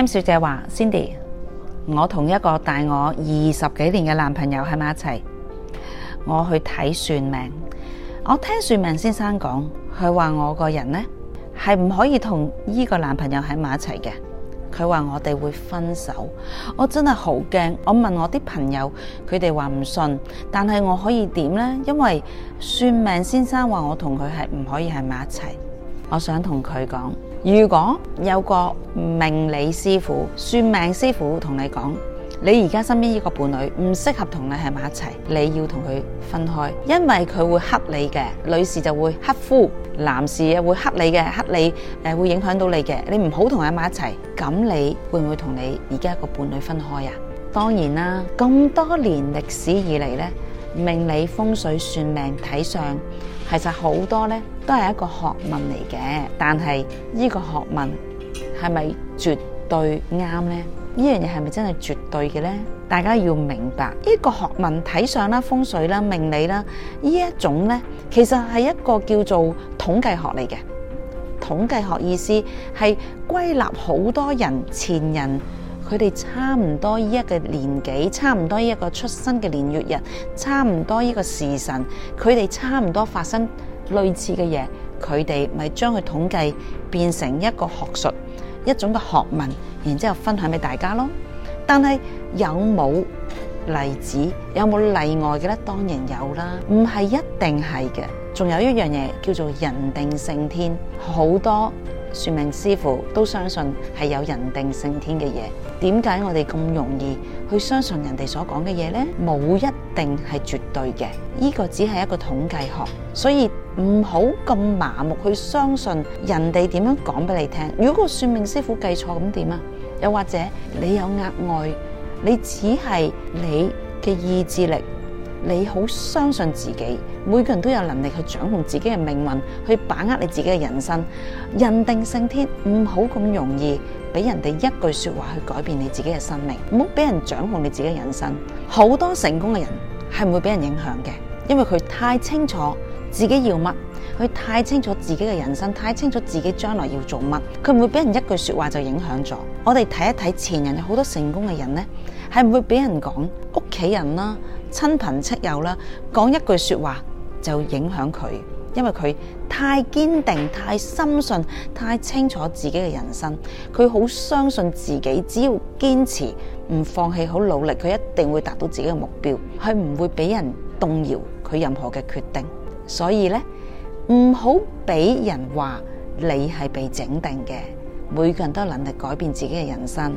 M 小姐話：Cindy，我同一個大我二十幾年嘅男朋友喺埋一齊，我去睇算命。我聽算命先生講，佢話我個人呢係唔可以同呢個男朋友喺埋一齊嘅。佢話我哋會分手。我真係好驚。我問我啲朋友，佢哋話唔信。但係我可以點呢？因為算命先生話我同佢係唔可以喺埋一齊。我想同佢講。如果有個命理師傅、算命師傅同你講，你而家身邊呢個伴侶唔適合同你喺埋一齊，你要同佢分開，因為佢會克你嘅，女士就會克夫，男士又會克你嘅，克你誒會影響到你嘅，你唔好同佢喺埋一齊，咁你會唔會同你而家一個伴侶分開呀？當然啦，咁多年歷史以嚟呢，命理、風水、算命睇相。其實好多呢都係一個學問嚟嘅，但係呢個學問係咪絕對啱呢？呢樣嘢係咪真係絕對嘅呢？大家要明白呢個學問，睇上啦風水啦命理啦，呢一種呢其實係一個叫做統計學嚟嘅，統計學意思係歸納好多人前人。佢哋差唔多依一個年紀，差唔多依一個出生嘅年月日，差唔多依個時辰，佢哋差唔多發生類似嘅嘢，佢哋咪將佢統計變成一個學術，一種嘅學問，然之後分享俾大家咯。但係有冇例子？有冇例外嘅咧？當然有啦，唔係一定係嘅。仲有一樣嘢叫做人定勝天，好多。算命師傅都相信係有人定勝天嘅嘢，點解我哋咁容易去相信人哋所講嘅嘢呢？冇一定係絕對嘅，呢個只係一個統計學，所以唔好咁麻木去相信人哋點樣講俾你聽。如果個算命師傅計錯咁點啊？又或者你有額外，你只係你嘅意志力。你好，相信自己，每個人都有能力去掌控自己嘅命運，去把握你自己嘅人生。人定勝天，唔好咁容易俾人哋一句說話去改變你自己嘅生命，唔好俾人掌控你自己嘅人生。好多成功嘅人係唔會俾人影響嘅，因為佢太清楚自己要乜，佢太清楚自己嘅人生，太清楚自己將來要做乜，佢唔會俾人一句說話就影響咗。我哋睇一睇前人有好多成功嘅人咧，係唔會俾人講屋企人啦、啊。親朋戚友啦，講一句說話就影響佢，因為佢太堅定、太深信、太清楚自己嘅人生，佢好相信自己，只要堅持唔放棄、好努力，佢一定會達到自己嘅目標，佢唔會俾人動搖佢任何嘅決定。所以呢，唔好俾人話你係被整定嘅，每個人都有能力改變自己嘅人生。